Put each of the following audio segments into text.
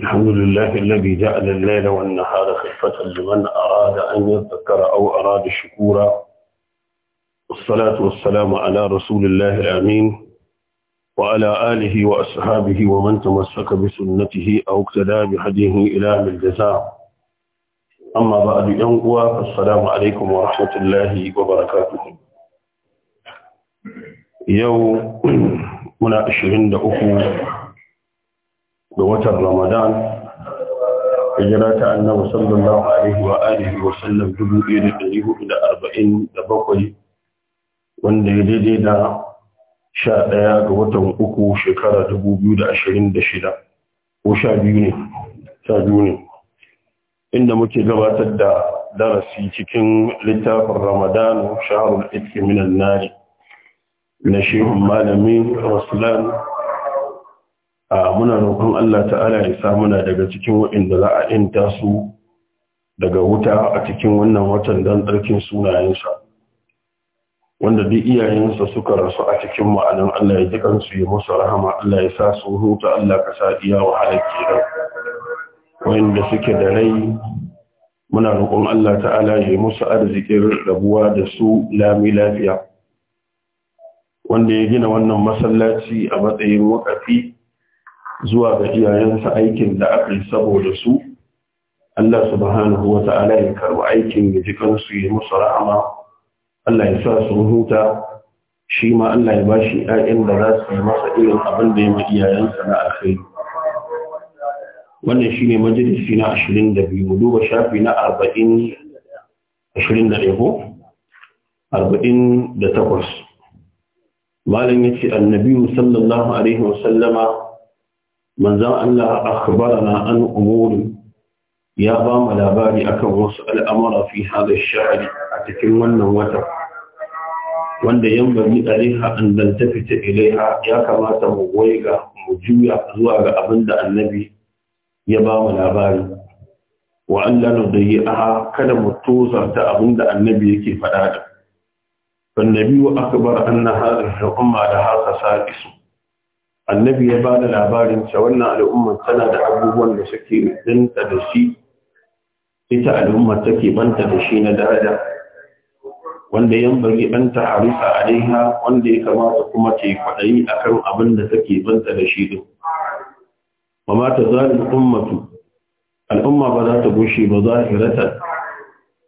الحمد لله الذي جعل الليل والنهار خفة لمن أراد أن يذكر أو أراد الشكور والصلاة والسلام على رسول الله الأمين وعلى آله وأصحابه ومن تمسك بسنته أو اقتدى بهديه إلى الجزاء أما بعد ينقوى السلام عليكم ورحمة الله وبركاته يوم منا 23 Da watan Ramadan hijira ta annabi sallallahu alaihi wa alihi wa sallam 1447 wanda ya daidai da 11 ga watan uku shekara 2026 ko 12 ne ne inda muke gabatar da darasi cikin littafin Ramadan shahrul itki minan nari na shehu malami Raslan muna roƙon Allah ta'ala ya sa muna daga cikin waɗanda za a su daga wuta a cikin wannan watan don tsarkin sunayensa wanda duk iyayensa suka rasu a cikin ma'anin Allah ya ji kansu yi musu rahama Allah ya sa su huta Allah ka sa iya wahalar kenan wanda suke da rai muna roƙon Allah ta'ala ya yi musu arzikin rabuwa da su lami lafiya wanda ya gina wannan masallaci a matsayin wakafi zuwa ga iyayensa aikin da aka yi saboda su Allah subhanahu wa ta'ala ya karɓi aikin ya ji kansu yi musu rahama Allah ya sa su huta shi ma Allah ya bashi ƴaƴan da za su yi masa irin abin da ya ma iyayensa na alkhairi wannan shi ne majalisi na 22 duba shafi na 40 21 ko 48 malam yace annabi sallallahu alaihi wasallama manzan Allah akhbarana an An'umuru ya ba mu labari akan wasu al'amura fi hada sha'ari a cikin wannan watan wanda yan bari alaiha an dan fita ilaiha ya kamata mu ga mu juya zuwa ga abin da annabi ya ba mu labari wa Allah na dayi'a kada mu tozarta abin da annabi yake faɗa da فالنبي أكبر أن da الأمة لها خصائص annabi ya ba da labarin cewa wannan al'umma tana da abubuwan da suke dinta da shi ita al'umma take banta da shi na daraja wanda yan bari an ta'arifa alaiha wanda ya kamata kuma ce kwaɗayi akan abin da take banta da shi din wa ma ta zalim al'umma ba za ta gushe ba zahirata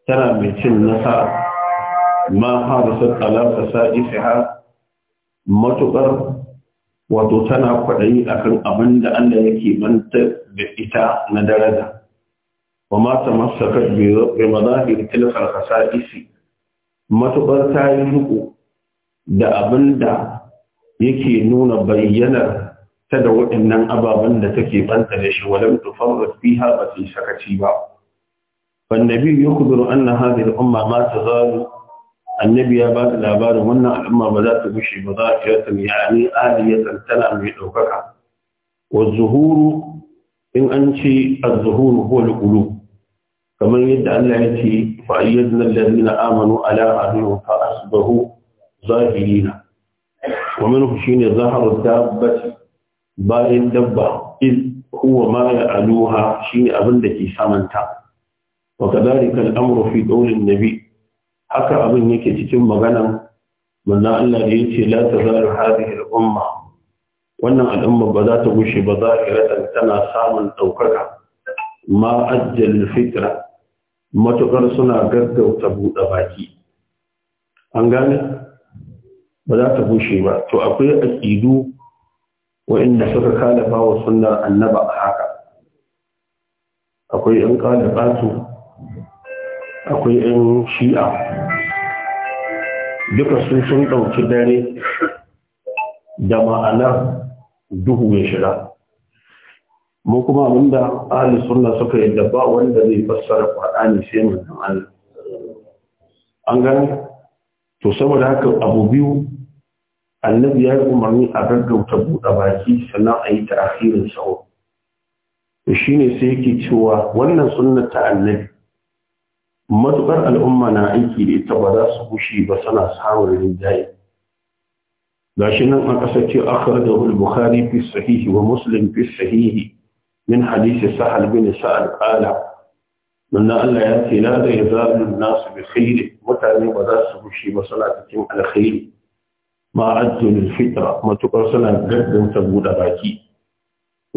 tana mai cin nasa ma harasar alaƙa ha matuƙar wato tana kwaɗayi akan abin da Allah yake manta da ita na daraja wa ma ta masaka bi mazahir tilkal isi. matuƙar ta yi riko da abin da yake nuna bayyanar ta da waɗannan ababen da take banta da shi walam tufarrat fiha ba ta sakaci ba fa annabi yukhbiru anna hadhihi al-umma ma tazalu annabi ya ba labarin wannan al'umma ba za ta bushe ba za ta yasa yani aliyatan tana mai ɗaukaka wa zuhuru in an ce a zuhuru ko al kamar yadda Allah ya ce fa ayyadna allazina amanu ala ahdihim fa asbahu zahirina wa minhu shine zahar dabbati bayan dabba iz huwa ma ya'aluha shine abin da ke samanta wa kadhalika kan amru fi qawli nabi haka abin yake cikin maganan manzon Allah da yace la tazaru hadhihi al-umma wannan al'umma ba za ta gushe ba zahiratan tana samun daukaka ma ajjal fitra matukar suna gaggauta buɗe baki an gane ba za ta bushe ba to akwai aƙidu waɗanda suka kalafa wa sunnar annaba a haka akwai ‘yan kalafatu akwai 'yan shi'a duka sun sun ɗauki dare da ma'anar duhu ya shiga mu kuma wanda ahli sunna suka yadda ba wanda zai fassara kwaɗa ne sai mun Allah an gani. to saboda haka abu biyu annabi ya yi umarni a gaggauta buɗe baki sannan a yi ta'ahirin sau shi ne sai yake cewa wannan sunna ta annabi matukar al'umma na aiki da ita ba za su gushi ba suna samun rinjaye gashi nan an kasar ce akhrajahu al-bukhari fi sahihi wa muslim fi sahihi min hadisi sahal bin sa'al qala manna Allah ya ce la da yazalu an-nas bi mutane ba za su gushi ba suna cikin alkhairi ma ajjul fitra matukar suna ta buɗe baki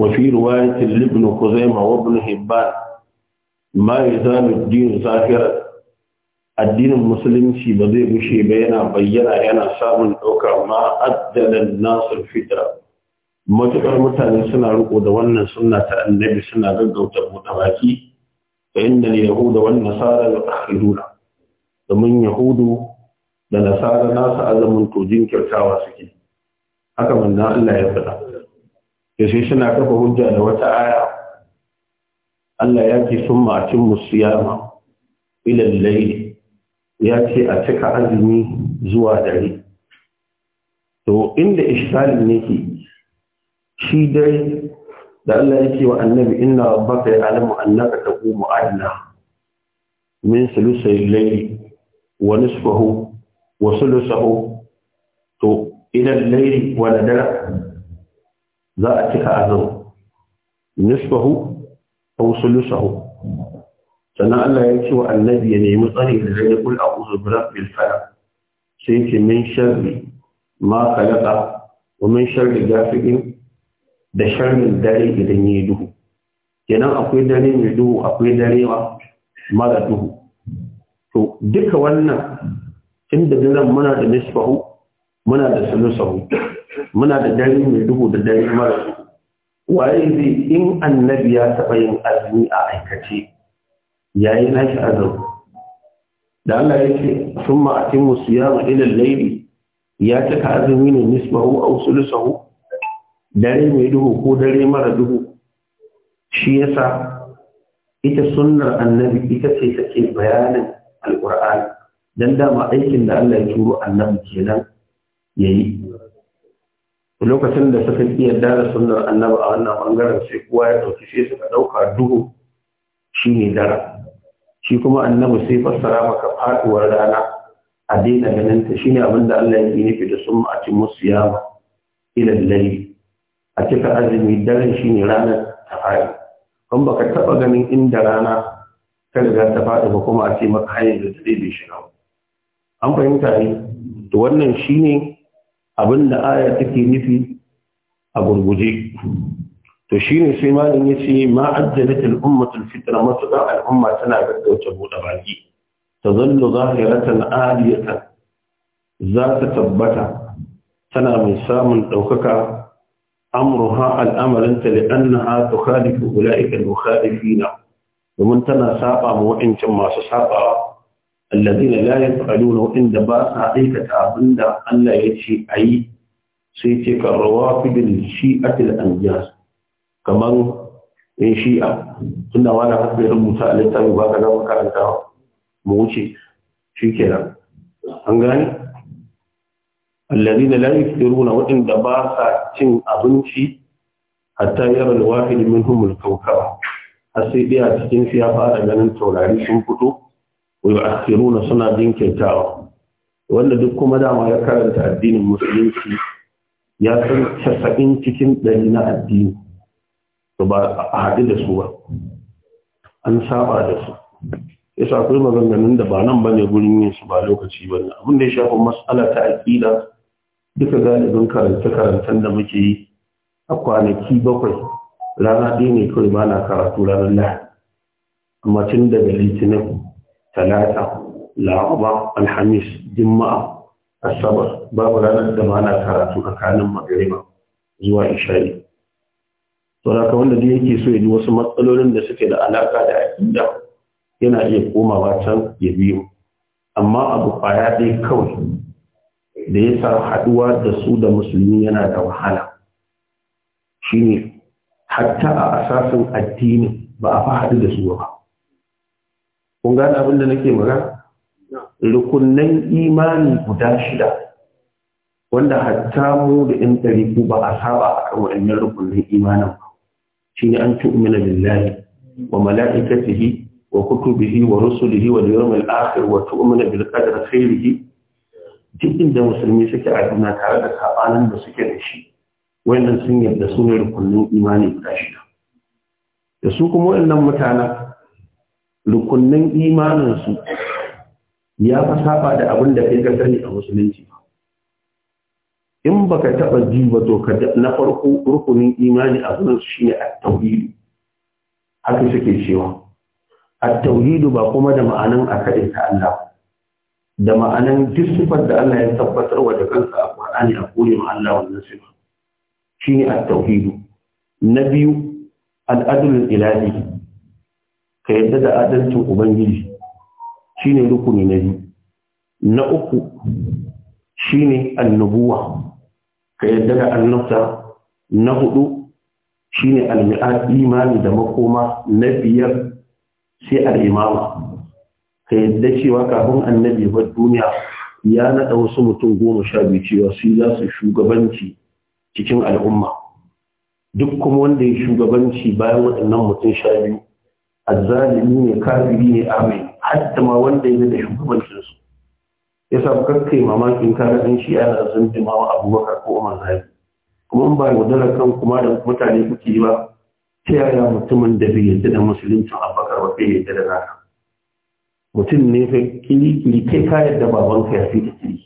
Wafi fi riwayatil ibn khuzaimah wa ibn hibban ma ya zanu dinu addinin musulunci ba zai bushe ba yana bayyana yana samun ɗauka ma addalan nasu fitra mutane suna riko da wannan sunna ta annabi suna gaggauta buɗe baki fa inna yahuda wan nasara yutakhiruna domin yahudu da nasara nasu azamin to jinkirtawa suke haka manzo Allah ya faɗa yace suna kafa hujja da wata aya Allah ya ce sun ma'acin musuyama ilallai ya ce a cika azumi zuwa dare. To inda ishtalin yake shi dai da Allah ya ce wa annabi inna rabbaka ya alamu annaka taqumu adna min sulusai layli wa nisfahu wa sulusahu to idan layli wa nadara za a cika azumi nisfahu aw sulusahu سنة Allah ya ce wa annabi ya nemi tsari da zai kul a'udhu bi rabbil falaq sai ce min sharri ma khalaqa wa da sharrin dare idan yi duhu kenan akwai dare mai duhu akwai dare mara duhu to duka wannan inda daren muna da nisfahu muna da sulusahu muna da dare mai duhu da dare mara duhu waye zai in annabi ya taɓa yin azumi a aikace yayi nashi azumi da Allah ya ce sun ma'atin musu ya ma'ilar laili ya cika azumi ne nisbahu a sulusahu dare mai duhu ko dare mara duhu shi yasa ita sunnar annabi ita ce take bayanin alƙur'ani dan dama aikin da Allah ya turo annabi kenan yayi lokacin da suka iya dara sunnar annaba a wannan bangaren sai kowa ya ɗauki sai suka ɗauka duhu shi ne dara shi kuma annabi sai fassara maka faɗuwar rana a daina ganin ta shine abin da Allah ya yi nufi da sun a cin musu yama ila lalli a cika azumi daren shine ranar ta fari kan baka taɓa ganin inda rana ta riga ta faɗi ba kuma a ce maka hanyar da ta shiga an fahimta ne to wannan shine abinda aya take nufi a gurguje to shine sai malam yace ma ajjalat al ummatu al fitra matuqa al umma tana gaggauta bude baki tazallu zahiratan aliyatan za ta tabbata tana mai samun daukaka amruha al'amarin ta annaha tukhalifu ulaika al mukhalifina domin tana saba ma wa'ancan masu sabawa الذين لا يفعلون عند باس حقيقة عبند الله يشي أي سيتك الروافد الشيئة الأنجاز كمان إن شيئة إن وانا قد ربوتا لتابي باك أنا وكارنتا موشي شي كده أنغاني الذين لا يفطرون وعند باس تشين أبنشي حتى يرى الواحد منهم الكوكب har sai ɗaya cikin su ya fara ganin taurari sun fito ويؤخرون suna jinkirtawa wanda duk kuma dama ya karanta addinin musulunci ya san casa'in cikin ɗari na addini to ba a haɗu da su ba an saba da su yasa akwai maganganun da ba nan ba ne gurin yin su ba lokaci ba abin da ya shafa matsala ta aƙida duka galibin karanta karanta da muke yi a kwanaki bakwai rana ɗaya ne kawai ba na karatu ranar lahadi amma tun daga litinin talata laraba alhamis juma'a asabar babu ranar da ba na karatu tsakanin magariba zuwa isha'i sauraka wanda da yake so ya ji wasu matsalolin da suke da alaƙa da aƙida yana iya komawa can ya biyo amma abu ƙwaya ɗaya kawai da ya sa haɗuwa da su da musulmi yana da wahala shine hatta a asasin addini ba a fi haɗu da su ba kun gane abin da nake magana Rukunan imani guda shida wanda hatta mu da ɗan ɗari ku ba a saba a kan waɗannan rukunnan imanin ba shi ne an tu'mina billahi wa mala'ikatihi wa kutubihi wa rusulihi wa yawmil akhir wa tu'mina bil qadri khairihi duk inda musulmi suke a duniya tare da sabanin da suke da shi wayannan sun yarda su ne rukunin imani guda shida da su kuma wayannan mutanen rukunnan imaninsu ya fi saba da abin da kai ka sani a musulunci in baka taba ji ba to ka na farko rukunin imani a sunansu su shine a Tauhidu. haka suke cewa A Tauhidu ba kuma da ma'anan kaɗin ta Allah da ma'anan jisufar da Allah ya tabbatar wa da kansa a ƙwarani a kore ma Allah wannan sifa ne a Tauhidu. na biyu al ilahi ka yadda da adalcin ubangiji ne rukuni na biyu na uku shi ne annabuwa. ka yadda da annabta na hudu ne almi'ad imani da makoma na biyar sai al'imama ka yadda cewa kafin annabi ba duniya ya naɗa wasu mutum goma sha biyu cewa su za su shugabanci cikin al'umma duk kuma wanda ya shugabanci bayan waɗannan mutum sha biyu azzalimi ne kafiri ne amai hatta ma wanda ya da shugabancin su ya sa kai-kai mamakin kare ɗan shi ana zundima jimawa abubakar ko umar zabi kuma in ba yaudarar kan kuma da mutane kuke ba ta yaya mutumin da bai yadda da musuluncin abubakar ba bai yadda da naka mutum ne fa kiri kai ka yadda babanka ya fi ta kiri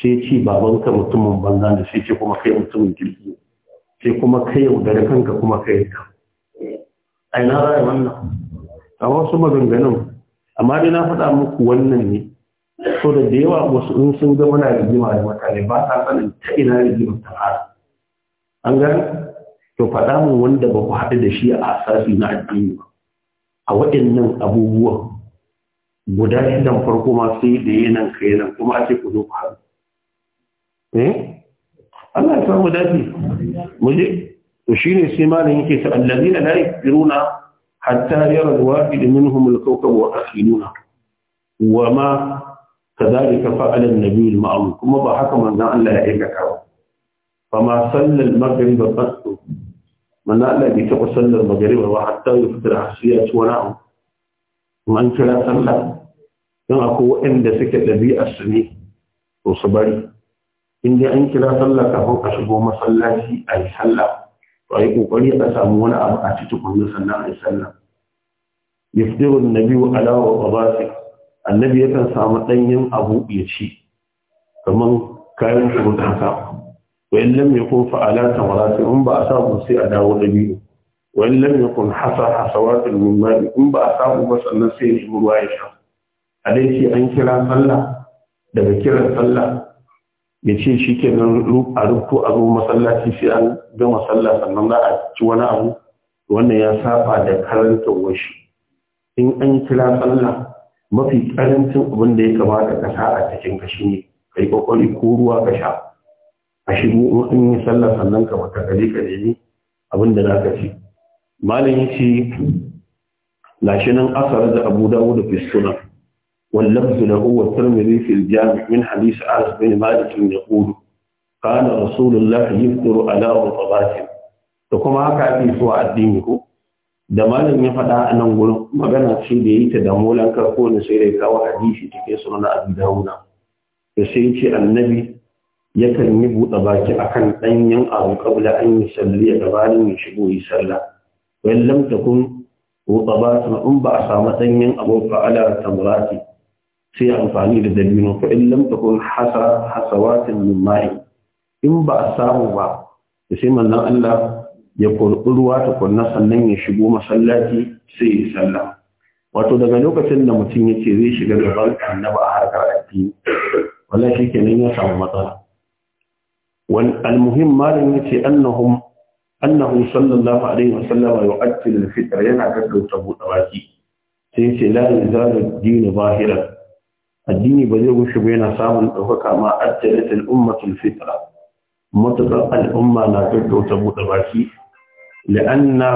sai ce babanka mutumin banza da sai ce kuma kai mutumin kirki sai kuma kai yaudare kanka kuma kai yadda a ina raya wannan a wasu maganganun amma dai na faɗa muku wannan ne so da da yawa wasu in sun ga muna rigima da mutane ba sa sanin ta ina rigima ta fara an ga to faɗa mu wanda ba ku haɗu da shi a asasi na addini ba a waɗannan abubuwan guda shidan farko ma sai da yanan ka yanan kuma ake ku zo ku haɗu eh Allah ya samu dafi mu je to ne sai malam yake ta allazina la yakfiruna hatta yara alwahid minhum alkawkab wa akhiluna wa ma kadhalika fa'ala an na al-ma'mum kuma ba haka manzan Allah ya aikata ba fama sallal maghrib qattu manzon Allah bai taɓa sallar maghrib ba hatta ya fitar hasiya ci wani abu man kira sallah don akwai waɗanda suke ɗabi'a su ne to su bari in dai an kira sallah kafin a shigo masallaci a yi sallah to ai kokari a samu wani abu a cikin kunnin sannan ai sallah yafdiru an-nabiyyu ala wa qabasi annabi yakan samu ɗanyen abu ya ci kaman kayan shubun haka wa in lam yakun fa ala tawarati in ba a samu sai a dawo dabi'u wa in lam yakun hasa hasawatul mimma in ba a samu ba sannan sai ne ruwa ya sha a dai an kira sallah daga kiran sallah ya ce shi ke nan a rufu a zo masallaci sai an gama sallah sannan za a ci wani abu wannan ya saba da karanta washi in an yi kira sallah mafi karancin abin da ya kamata ka sa a cikin ka ne kai ko ruwa ka sha a shigo in an yi sallah sannan ka mata gari ka nemi abin da zaka ci malam yace gashi nan asar da Abu damu da sunan واللفظ له والترمذي في الجامع من حديث انس بن مالك يقول قال رسول الله يفطر على رطبات to kuma haka ake so addini ko da malam ya faɗa a nan gurin magana ce da yi ta damolan karko ne sai ya kawo hadisi cikin sunan Abi Dawud to ya ce annabi yakan yi buɗe baki akan ɗanyen abu kabla an yi salli a gabanin ya shigo yi sallah wani lam takun buɗe baki in ba a samu ɗanyen abu fa'ala tamrati sai amfani da dabino ko in lam takun hasara hasawatin min ma'i in ba a samu ba da sai manzon Allah ya kurɓi ruwa tukunna sannan ya shigo masallaci sai ya sallah wato daga lokacin da mutum yake zai shiga gaban annaba a harkar addini wallahi shikenan ya samu matsala wal almuhim malam yace annahum annahu sallallahu alaihi wasallam yu'attil alfitr yana gaggauta buɗe baki sai yace la yazalu ad-din zahiran addini ba zai gushe ba yana samun ɗaukaka ma ajiyar al'ummatul fitra matuƙar al'umma na gaggauta buɗe baki la'anna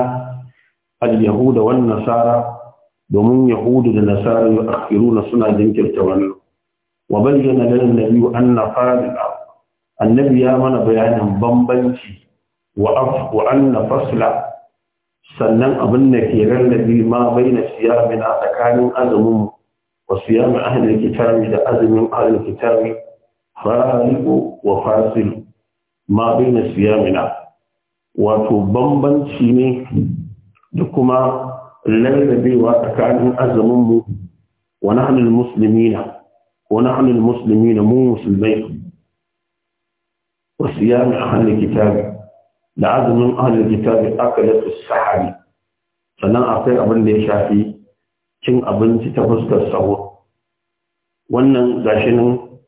al-yahuda wan nasara domin yahudu da nasara ya akhiruna suna jinkirta wannan wa bayyana lana nabi anna fadila annabi ya mana bayanin bambanci wa af wa anna fasla sannan abin da ke rarrabe ma baina siyamina tsakanin azumin وصيام أهل الكتاب لأزم أهل الكتاب خالق وفاصل ما بين صيامنا وتبنبن شيني لكما lallabe wa tsakanin azuminmu wa nahnu muslimina wa nahnu almuslimina mu musulmai wa siyam ahli kitab da azumin ahli kitab akalat as-sahabi sannan akwai abin da ya shafi cin abinci ta fuskar sahur wannan gashi nan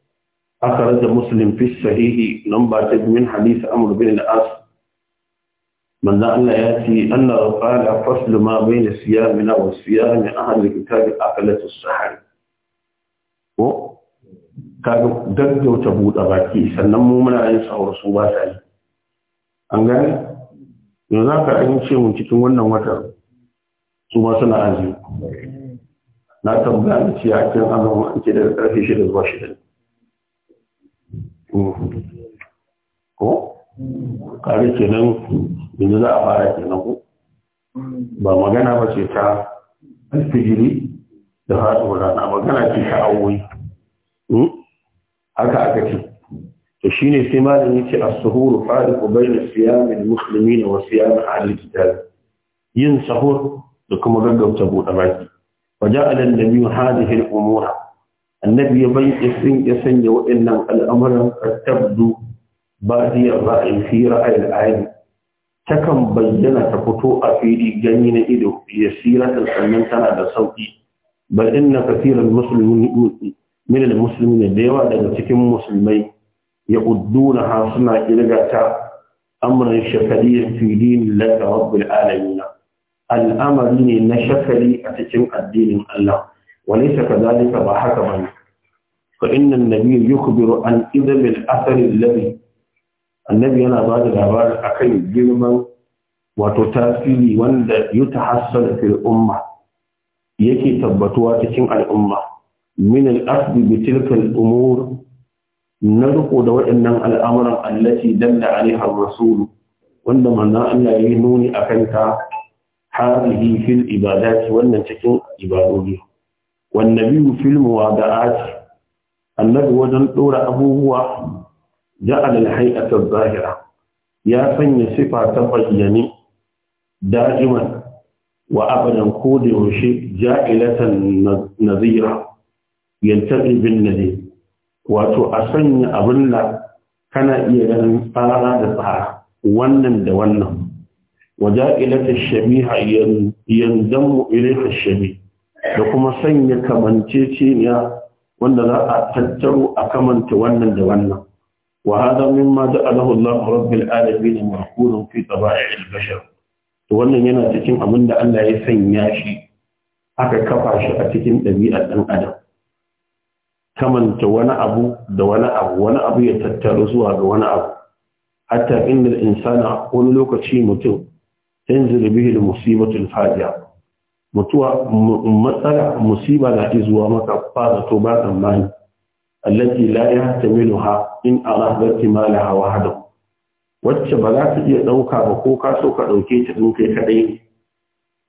aka da muslim fi sahihi ba ta min hadisi amr bin al-as manzo Allah ya ce Allah qala faslu ma bayna siyamina wa siyami ahli kitabi akalatu sahar ko kaga daggauta buɗe baki sannan mu muna yin sahur su ba sa yi an gane yanzu aka an ce mun cikin wannan watan su ma suna azumi na tambaya na kan yakin azumi an da daga shi da zuwa da ko kare kenan yanzu za a fara nan ko ba magana ba ce ta alfijiri da haɗu rana magana ce ta awoyi hmm? haka aka ce to shine sai malami ce as-suhuru fariqu bayna siyam al-muslimin wa siyam ahli kitab yin sahur da kuma gaggauta buɗe baki وجعل النبي هذه الأمور النبي يبين يسن يسن وإن الأمر قد تبدو بادي الرأي في رأي العين تكن بينا تفتو أفيدي جنين إدو يسيرة الحنان تنا صوتي بل إن كثير المسلمين من المسلمين ديوا daga cikin musulmai يقدونها صنع إلغتا أمر شكلي في دين لك رب العالمين al'amari ne na shakari a cikin addinin Allah wani saka zalika ba haka ba ne fa inna nabi yukhbiru an idam annabi yana ba da a kan girman wato tasiri wanda yutahassal fil umma yake tabbatuwa cikin al'umma min al bi umur na riko da waɗannan al'amuran allati danda alaiha rasulu wanda manzan Allah ya nuni a kanta. hadhihi ibada ibadati wannan cikin ibadodi wan nabiyyu fil muwada'ati annabi wajen ɗora abubuwa ja'ala Hai'atar zahira ya sanya sifa ta bayyane dajiman wa abadan ko da yaushe ja'ilatan nazira yantaqi bin nadir wato a sanya abin da kana iya ganin tsara da tsara wannan da wannan وجائلة الشبيهة يندم إليها الشبيه لكما سنة كمن تيتينيا وأن لا أتتر أكمن تونا دونا وهذا مما جعله الله رب العالمين مركون في طبائع البشر وأن ينا تتم أمن أن يسنياشي aka kafa shi a cikin ɗabi'ar ɗan adam kamanta wani abu da wani abu wani abu ya tattaru zuwa ga wani abu hatta inda insana wani lokaci mutum tanzil bihi al fajia mutuwa matsala musiba na ke zuwa maka fara to ba tsammani allati la yahtamiluha in arada hawa wahda wacce ba za ta iya dauka ba ko ka so ka dauke ta din kai kadai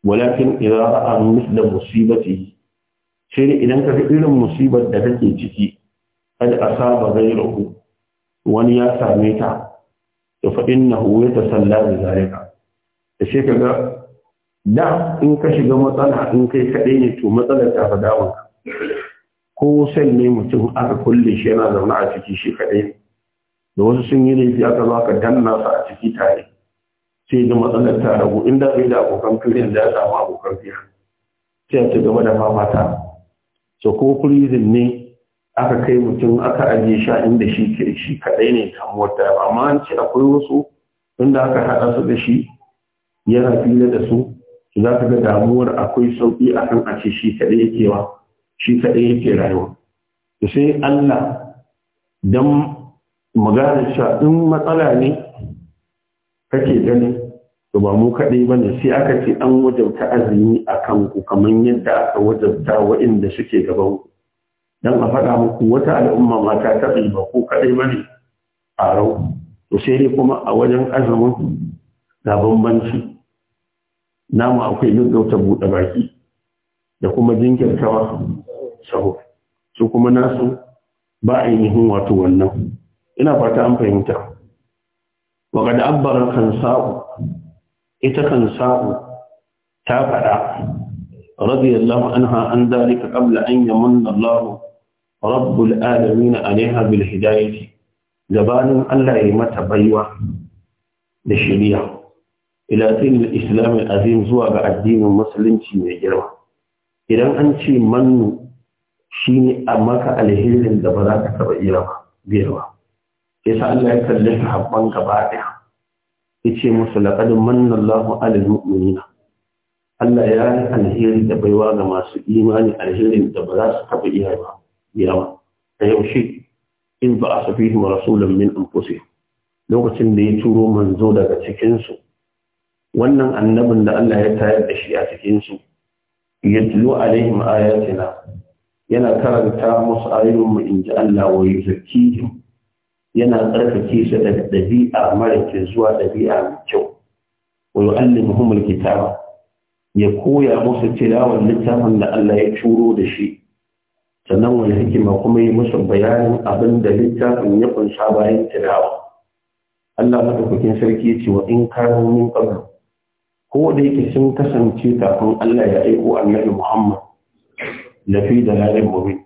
walakin idza ra'a misla musibati shi idan ka ga irin musibar da kake ciki kad asaba ghayruhu wani ya same ta to fa innahu yatasalla bi zalika da shi kaga da in ka shiga matsala in kai kaɗai ne to matsalar ta fi damun ka ko san ne mutum aka kulle shi yana zaune a ciki shi kaɗai da wasu sun yi laifi aka zo ka danna su a ciki tare sai da matsalar ta ragu inda bai da abokan kiriyar da ya samu abokan fiya sai a ci gaba da fafata so ko prison ne aka kai mutum aka ajiye sha inda shi kaɗai ne kamuwar ta amma an ce akwai wasu inda aka haɗa su da shi yana fira da su za ka ga damuwar akwai sauƙi a kan a shi kaɗai yake wa shi kaɗai yake rayuwa to sai Allah dan magana cewa in matsala ne kake ganin to ba mu kaɗai ba ne sai aka ce an wajabta azumi a kanku kamar yadda aka wajabta waɗanda suke gaban ku dan a faɗa muku wata al'umma mata ta ba ko kaɗai ba ne a rau to sai dai kuma a wajen azumin na bambanci namu akwai gaggauta buɗe baki da kuma jinkirtawa sahu su kuma nasu ba ainihin wato wannan ina fata an fahimta wa da abbar kan sa'u ita kan sa'u ta faɗa radiyallahu anha an dalika qabla an yamanna Allah rabbul alamin alaiha bil hidayati gabanin Allah ya mata baiwa da shiriya ila dinin islam azim zuwa ga addinin musulunci mai girma idan an ce shi shine a maka alherin da ba za ka taba iya ba biyarwa yasa Allah ya kalle ka habban gaba Ya yace musu laqad manna Allahu 'alal mu'minina Allah ya yi alheri da baiwa ga masu imani alherin da ba za su taba iya ba biyarwa yaushe in ba a safihim rasulun min anfusihim lokacin da ya turo manzo daga cikin su wannan annabin da Allah ya tayar da shi a cikin su yatlu alaihim ayatina yana karanta musu ayoyin mu inji Allah wa yuzakkihim yana tsarkake su daga dabi'a mara ke zuwa dabi'a mai kyau wa yu'allimuhum alkitaba ya koya musu tilawar littafin da Allah ya turo da shi sannan wani hikima kuma yi musu bayanin abin da littafin ya kunsa bayan tilawa Allah madaukakin sarki ya ce wa in kanu min qablu ko da yake sun kasance kafin Allah ya aiko annabi Muhammad fi da lalin mubin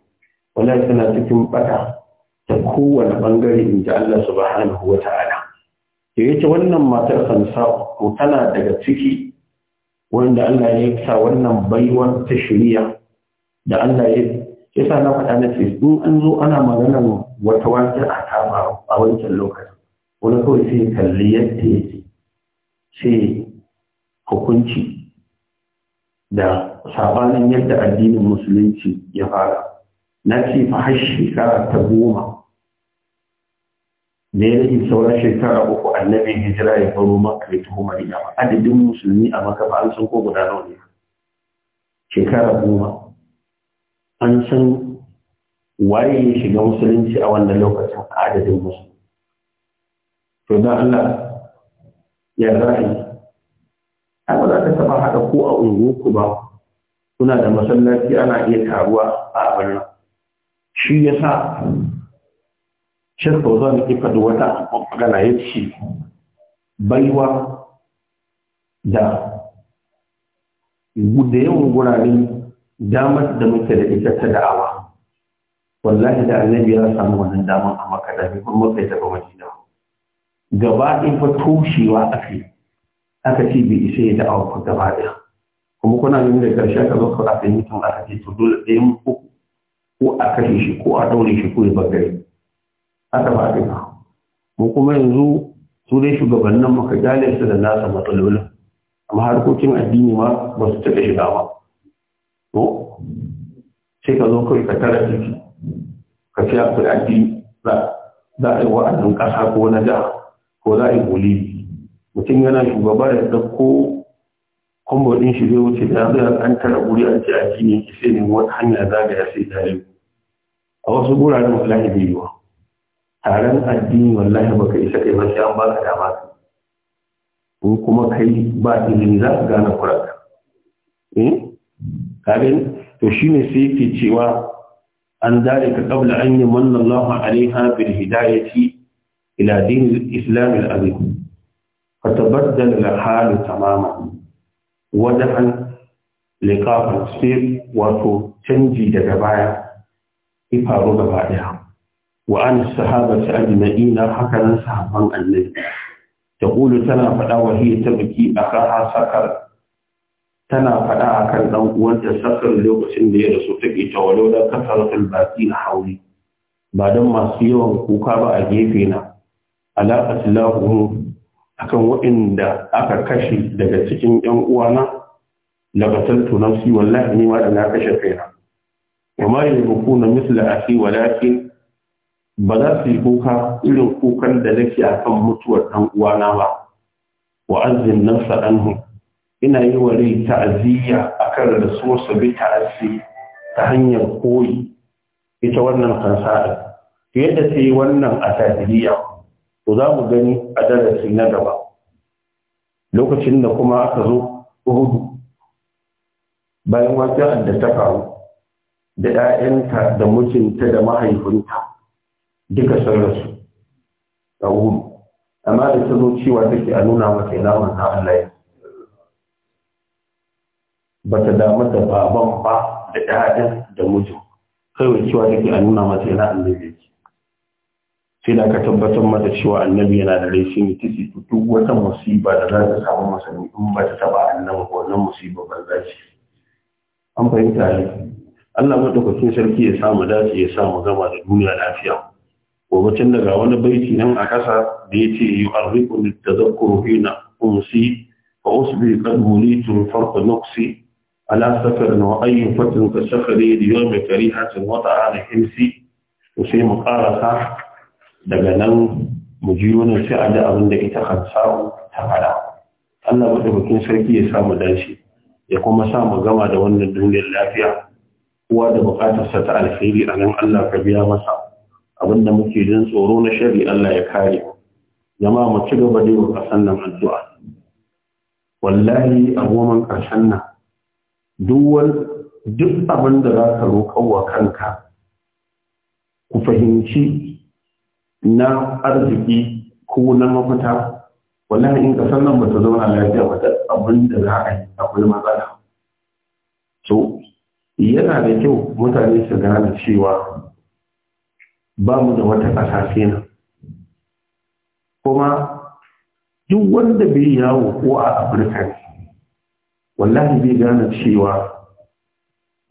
wala tana cikin bata ta kowane bangare in ji Allah subhanahu wa ta'ala da yake wannan matar sansa ko tana daga ciki wanda Allah ya sa wannan baiwar ta shirya da Allah ya sa na faɗa na ce in an zo ana maganar wata waƙi a kama a wancan lokacin wani kawai sai kalli yadda yake sai hukunci da sabanin yadda addinin musulunci ya fara na ce fa har shekara ta goma da ya yi sauran shekara uku annabin hijira ya faru maka ya taho da ba adadin musulmi a maka ba an san ko guda nawa ne shekara goma an san waye ya shiga musulunci a wannan lokacin adadin musulmi to dan Allah ya ra'ayi ana za ta taba haɗa ko a unguwarku ba kuna da masallaci ana iya taruwa a abin shi ya sa shirka zan ki faɗi wata magana ya ce baiwa da da yawan gurare damar da muke da ita ta da'awa wallahi da annabi ya samu wannan damar a makka bai kuma kai ta ba madina gaba ɗaya fa toshewa ake aka ce bai isa ya da'awa ku gaba ɗaya kuma kuna yin da ƙarshe aka zo ka ba ka yi mutum aka ce to dole ɗayan uku ko a kashe shi ko a ɗaure shi ko ya bagare aka ba ɗaya mu kuma yanzu su dai shugabannin maka su da nasa matsalolin amma harkokin addini ma ba su taɓa shiga ba to sai ka zo kai ka tara ciki ka fiya akwai addini za a yi wa'annan ƙasa ko na jiha ko za a yi bolivia mutum yana shugaba da dauko kwambo ɗin shi zai wuce da zai an tara guri a ce a ne ki sai ne wata hanya zagaya sai ta yi a wasu guraren wallahi bai yiwa taron addini wallahi baka isa kai ba sai an baka dama ko kuma kai ba ilimi za ka gane kuraka eh? kaɗin to shi ne sai ke cewa an dare ka kabla an yi mannan allah alaiha bil hidayati ila dinin islamin azim فتبدل الحال تماما وجها لقاء sai wato canji daga baya ya faru gaba daya wa an sahaba ta ajma'ina hakanan sahabban annabi taqulu tana fada wa hiya tabki akaha sakar tana fada akan ɗan uwanta sakar lokacin da ya rasu take ta walau da kasaratul baqi hauli ba don masu yawan kuka ba a gefe na ala aslahu akan waɗanda aka kashe daga cikin ‘yan uwana na bataltu na wallahi ni ma da kashe kaina. Wama buku ruku na misla a si walakin ba za su yi kuka irin kukan da nake a kan mutuwar ɗan uwana ba, wa azin nafsa Ina yi wa rai ta'aziyya a kan su bi ta'azi ta hanyar koyi ita wannan kansa yadda ta yi wannan a to za mu gani a darasi na gaba lokacin da kuma aka zo hudu bayan wajen da ta faru da 'ya'yanta da mutunta da mahaifinta duka sararsu a hudu amma da ta zo cewa take a nuna mata yana manzan Allah ya ba ta damu da baban ba da 'ya'yan da mijin kawai cewa take a nuna mata yana Allah ya sai da aka tabbatar mata cewa annabi yana da laifin ya tisi duk wata musiba da za ta samu masani in ba ta taba annabi ko wannan musiba ban za ce an fahimta ne Allah madaukakin sarki ya samu dace ya samu gama da duniya lafiya gobe can daga wani baiti nan a kasa da ya ce yi arriku da tazakkuru fi na umsi fa usbi qad mulitu farq nuqsi ala safar wa ayyu fatin ka safari li yawmi karihatin wa ta'ala himsi sai mu daga nan mu ji wani sai a da abin da ita kan samu ta fara Allah bikin sarki ya samu dashi ya kuma sa mu gama da wannan duniyar lafiya kowa da bukatarsa ta alheri a nan Allah ka biya masa abin da muke jin tsoro na shari Allah ya kare jama'a mu ci gaba da yin kasan nan addu'a wallahi a goman karshen nan duk wani duk abin da za ka roƙa wa kanka ku fahimci na arziki ko na mafita wannan in kasar nan bata zauna lafiya ba ta abin da za a yi akwai matsala so yana da kyau mutane su gane cewa ba mu da wata ƙasa na kuma duk wanda bai yawo ko a afirka wallahi bai gane cewa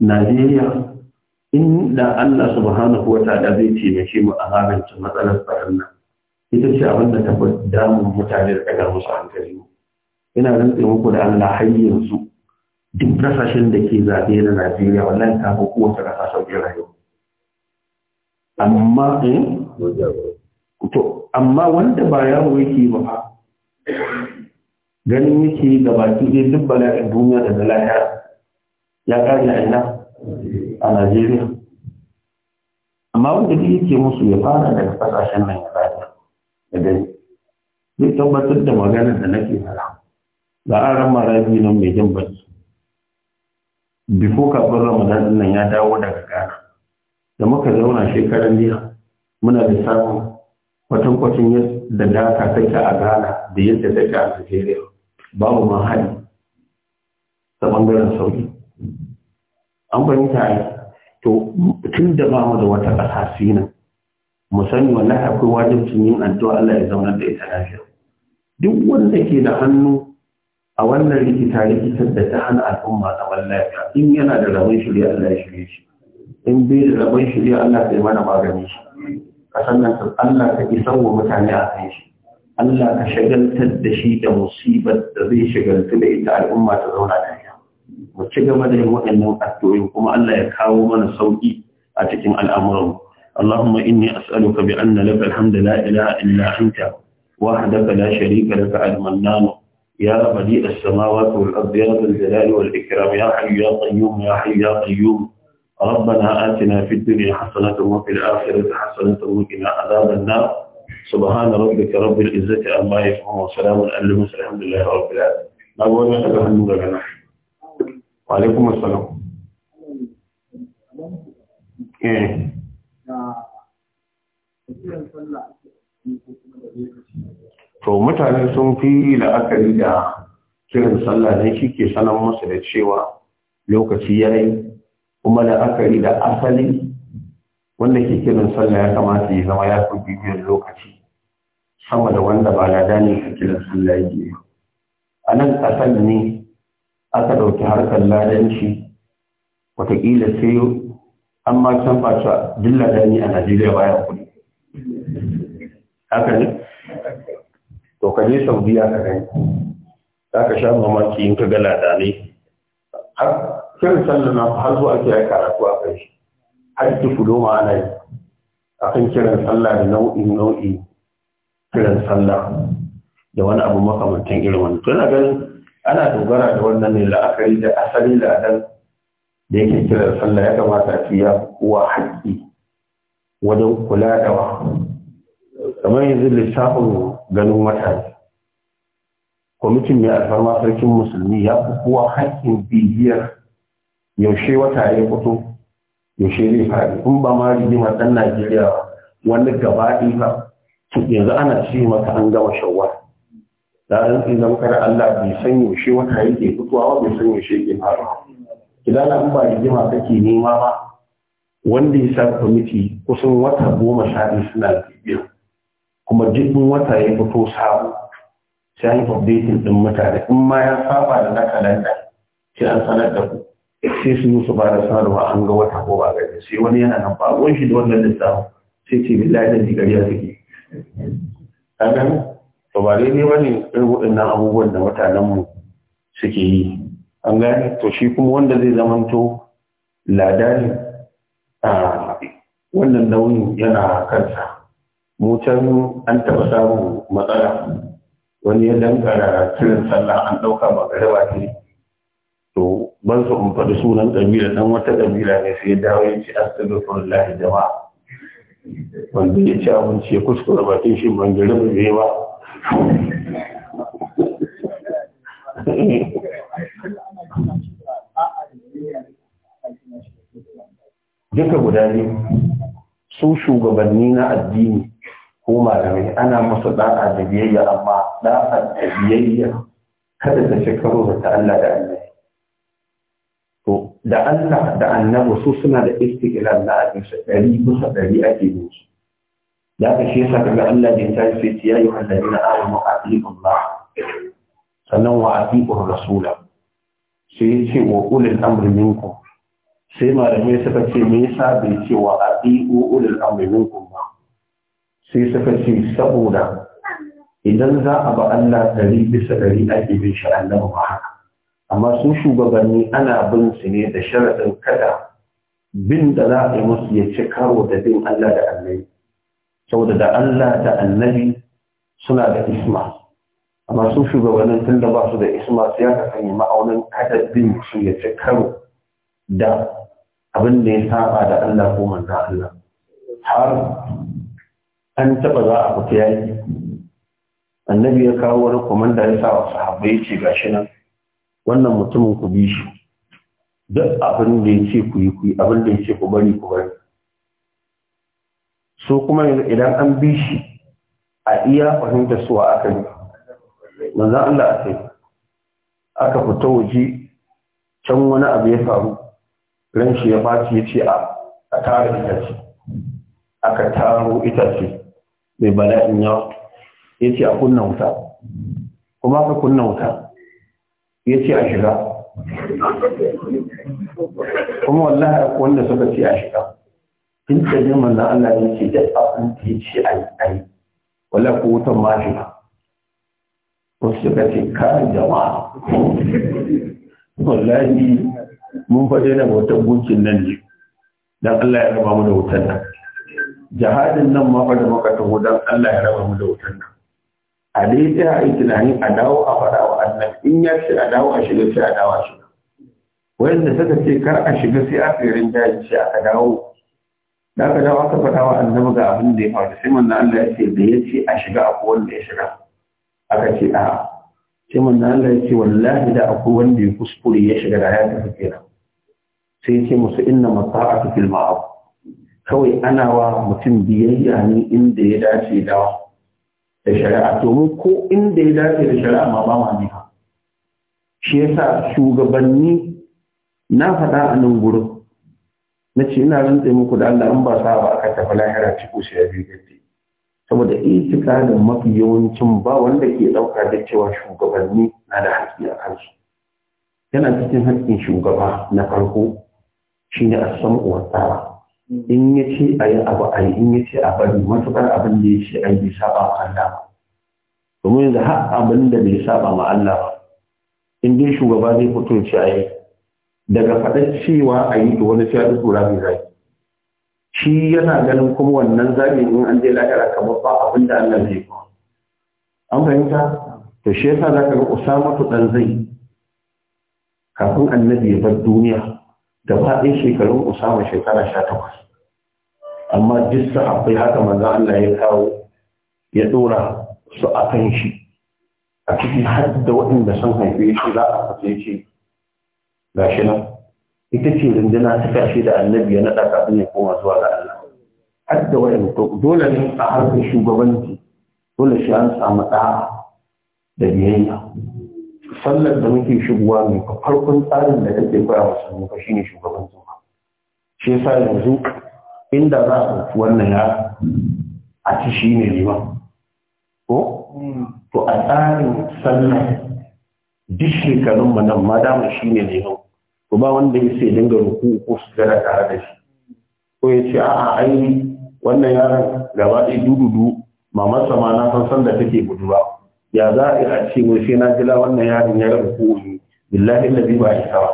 najeriya inda Allah subhanahu wa ta'ala zai taimake mu a magance matsalar tsaron nan ita ce abin da ta damu mutane da kaga musu hankali ina rantsa muku da Allah har yanzu duk kasashen da ke zaɓe na Najeriya wallahi ta fi kowace ƙasa sauƙi rayuwa amma eh? to amma wanda ba yawo yake ba ganin yake gabaki ɗaya duk bala'in duniya da na lahira ya ƙare a ina a Najeriya. Amma wanda da yake musu ya fara daga kasashen nan ya fara da gani. Zai tabbatar da maganar da nake fara. Da aran marabi nan mai jin baki. Bifo kafin Ramadan nan ya dawo daga Ghana. Da muka zauna shekaran jiya muna da samun kwatankwacin yadda data take a Ghana da yadda take a Najeriya. Babu ma hali ta ɓangaren sauki. an fahimta tare. to tun da ba mu da wata ƙasa sinan mu sani wallahi akwai wajibcin yin addu'a Allah ya zauna da ita lafiya duk wanda ke da hannu a wannan rikita rikita da ta hana al'umma zaman lafiya in yana da rabon shirya Allah ya shirye shi in bai da rabon shirya Allah ya mana magani shi kasan nan Allah ka isar wa mutane a kan shi Allah ka shagaltar da shi da musibar da zai shagaltu da ita al'umma ta zauna da mu ci gaba da yin waɗannan addu'o'i kuma Allah ya kawo mana sauki a cikin al'amuran Allahumma inni as'aluka bi anna laka alhamdu la ilaha illa anta wahdaka la sharika laka al-mannan ya badi as-samawati wal ardi ya dhal jalali wal ikram ya hayyu ya qayyum ya hayyu ya qayyum ربنا آتنا في الدنيا حسنة وفي الآخرة حسنة وقنا عذاب النار سبحان ربك رب العزة عما يصفون وسلام على المرسلين الحمد لله رب العالمين. أبو أنا أتبع النور wa assalam eh. to mutane sun fi la'akari da kiran sallah ne shi ke sanar masa da cewa lokaci ya yi kuma la'akari da asali wanda ke kiran sallah ya kamata ya zama ya fi bibiyar lokaci sama da wanda ba lada ne a kiran sallah ya yi. a nan asali ne aka ɗauki harkar ladanci wataƙila sai an ma can faca duk ladani a najeriya baya kuɗi haka ne to ka je saudiya ka gani za ka sha mamaki in ka ga ladanai har kiran na har zuwa ake yi karatu a kai shi har ki fudo ma ana yi a kan kiran sallah da nau'in nau'in kiran sallah da wani abu makamantan irin wani to yana ganin ana dogara da wannan ne la'akari da asali ladan da yake kiran sallah ya kamata a ya kowa haƙƙi wajen kula da wa kamar yanzu lissafin ganin mutane kwamitin mai alfarma sarkin musulmi ya fi kowa haƙƙin bibiyar yaushe wata ya fito yaushe zai faɗi in ba ma rigimar ɗan najeriya wani gaba ɗaya yanzu ana ce maka an gama shawwa da an zai zama kar Allah bai san yaushe wata yake fitowa bai san yaushe yake faruwa idan an ba ma kake nema ba wanda ya sa kwamiti kusan wata goma sha biyu suna bibiya kuma jirgin wata ya fito sabo sai an updating din mutane in ma ya saba da na kalanda sai an sanar da ku sai su musu ba da sanarwa an ga wata ko ba gari sai wani yana nan ba shi da wannan lissafin sai ce billahi da jigariya take to ba daidai ba ne irin waɗannan abubuwan da mutanenmu suke yi an gane to shi kuma wanda zai zamanto lada ne a wannan nauyin yana kansa mutan an taɓa samun matsala wani ya dangara kiran sallah an ɗauka ba gare ce to ban su in faɗi sunan ƙabila ɗan wata ƙabila ne sai dawo ya ce an astaghfirullah jama'a wanda ya ci abinci ya kuskura bakin shi ban gari ba duka guda ne su shugabanni na addini ko malamai ana masa da'a da biyayya amma da'a da biyayya kada ta ce karo da ta Allah da Allah to da Allah da annabi su suna da istiqlal na abin su ɗari bisa ɗari ake musu da aka shi saka ga Allah da ya sai ya yi hallari na ayyukan wa atiqullah sannan wa rasula sai ya ce wa ulil amri sai malamai suka ce me yasa bai ce wa atiqu ulil amri ba sai suka ce saboda idan za a ba Allah ɗari bisa dari ake bin shi Allah ba haka amma su shugabanni ana bin su ne da sharaɗin kada bin da za a yi musu ya ci karo da bin Allah da Allah saboda da Allah da annabi suna da isma amma su shugabannin tun da ba su da isma sai aka sanya ma'aunin adadin su ya ce karo da abin da ya saba da Allah ko manza Allah har an taba za a fita yayi annabi ya kawo wani komanda ya sa wa sahabbai ce gashi nan wannan mutumin ku bi shi duk abin da ya ce ku yi ku yi abin da ya ce ku bari ku bari su kuma yanzu idan an bi shi a iya fahimta su aka yi manzan Allah a kai aka fita waje can wani abu ya faru ran shi ya baci ya ce a tara itace aka taro itace mai bala'in yawa ya ce a kunna wuta kuma aka kunna wuta ya ce a shiga kuma wallahi wanda suka ce a shiga tun da ne manzan Allah ya ce duk abin da ya ce a yi a yi wala ko wutan ma shi ba wasu suka ce kayan jama'a wallahi mun faɗe na wata gunkin nan ne don Allah ya raba mu da wutan nan jihadin nan ma da muka taho don Allah ya raba mu da wutan nan a dai ta a yi tunanin a dawo a fara wa Allah in ya ce a dawo a shiga sai a dawo a shiga wanda suka ce kar a shiga sai a tsirin daji sai aka dawo da aka dawo aka faɗa wa annabi ga abin da ya faru sai manzo Allah ya ce da ya ce a shiga a wanda ya shiga aka ce a sai manzo Allah ya ce wallahi da akwai wanda ya kuskure ya shiga da ya tafi kenan sai ya ce musu inna masa'atu fil ma'ruf kawai ana wa mutum biyayya ne inda ya dace da da shari'a domin ko inda ya dace da shari'a ma ba ma ne shi yasa shugabanni na faɗa a nan gurin na ce ina rantse muku da Allah in ba sa ba aka tafi lahira ciko shi ya bi gaddi saboda itikadin mafi yawancin ba wanda ke dauka da cewa shugabanni na da haƙƙi a kansu yana cikin haƙƙin shugaba na farko shine as-sam'u wat in ya ce a yi abu a yi in ya ce a bari matuƙar abin da ya ce a yi saba ma Allah domin yanzu har abin da bai saba ma Allah ba in dai shugaba zai fito ce a yi daga faɗin cewa a yi da wani fiye da tura mai zai shi yana ganin kuma wannan zaɓi in an je lahira kamar ba abin da Allah zai ba an fahimta to shi yasa za ka ga Usama to dan zai kafin annabi ya bar duniya da faɗin shekarun Usama shekara sha takwas amma duk sahabbai haka manzo Allah ya kawo ya ɗora su a kan shi a cikin har da waɗanda sun haife shi za a fice shi gashi nan ita ce rundunar ta kashe da annabi ya naɗa kafin ya koma zuwa ga Allah har da wayan dole ne a harkar shugabanci dole shi an samu da da biyayya sallar da muke shigowa mai farkon tsarin da kake koya wa sannu ka shine shugabancin ka shi yasa yanzu inda za a wannan ya a ci shi ne liman ko hmm. to a tsarin sallar duk shekarun manan nan ma dama shi ne liman to ba wanda ya ce dinga ruku ko su gara tare da shi ko ya ce a'a ai wannan yaron gaba ɗaya dududu mamar sama na san san da take guduwa ya za a yi a ce wai sai na jila wannan yaron ya rabu ko ne billahi lazi ba ya sawa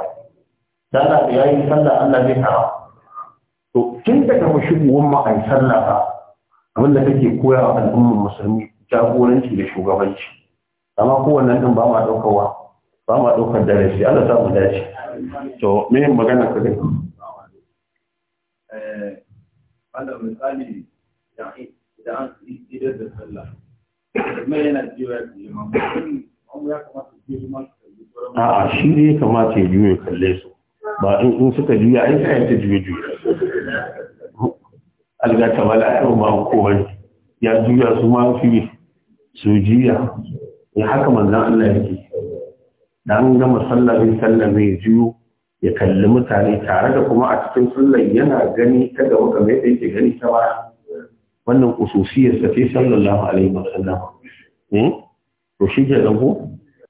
ta da ya yi sallah Allah zai kawo to kin da kafa shigowar ma a yi sallah ba abin da kake koya al'ummar musulmi jagoranci da shugabanci amma kowannen din ba ma ɗaukarwa ba ma ɗaukar darasi Allah ta mu dace to me yin magana ka dai eh, wanda misali idan idan da sallah kuma yana jiwa ya kamata ji ma a'a shi ne ya kamata ya juya kalle su ba in in suka juya ai sai ta juya juya alga ta wala ai ma hukumar ya juya su ma fi su juya ya haka manzan Allah ya ke da an gama sallah zai sallah juyo ya kalli mutane tare da kuma a cikin sallar yana gani ta gaba kamar da yake gani ta baya wannan kususiyar sa ce sallallahu alaihi wasallam hmm? to shi ke zango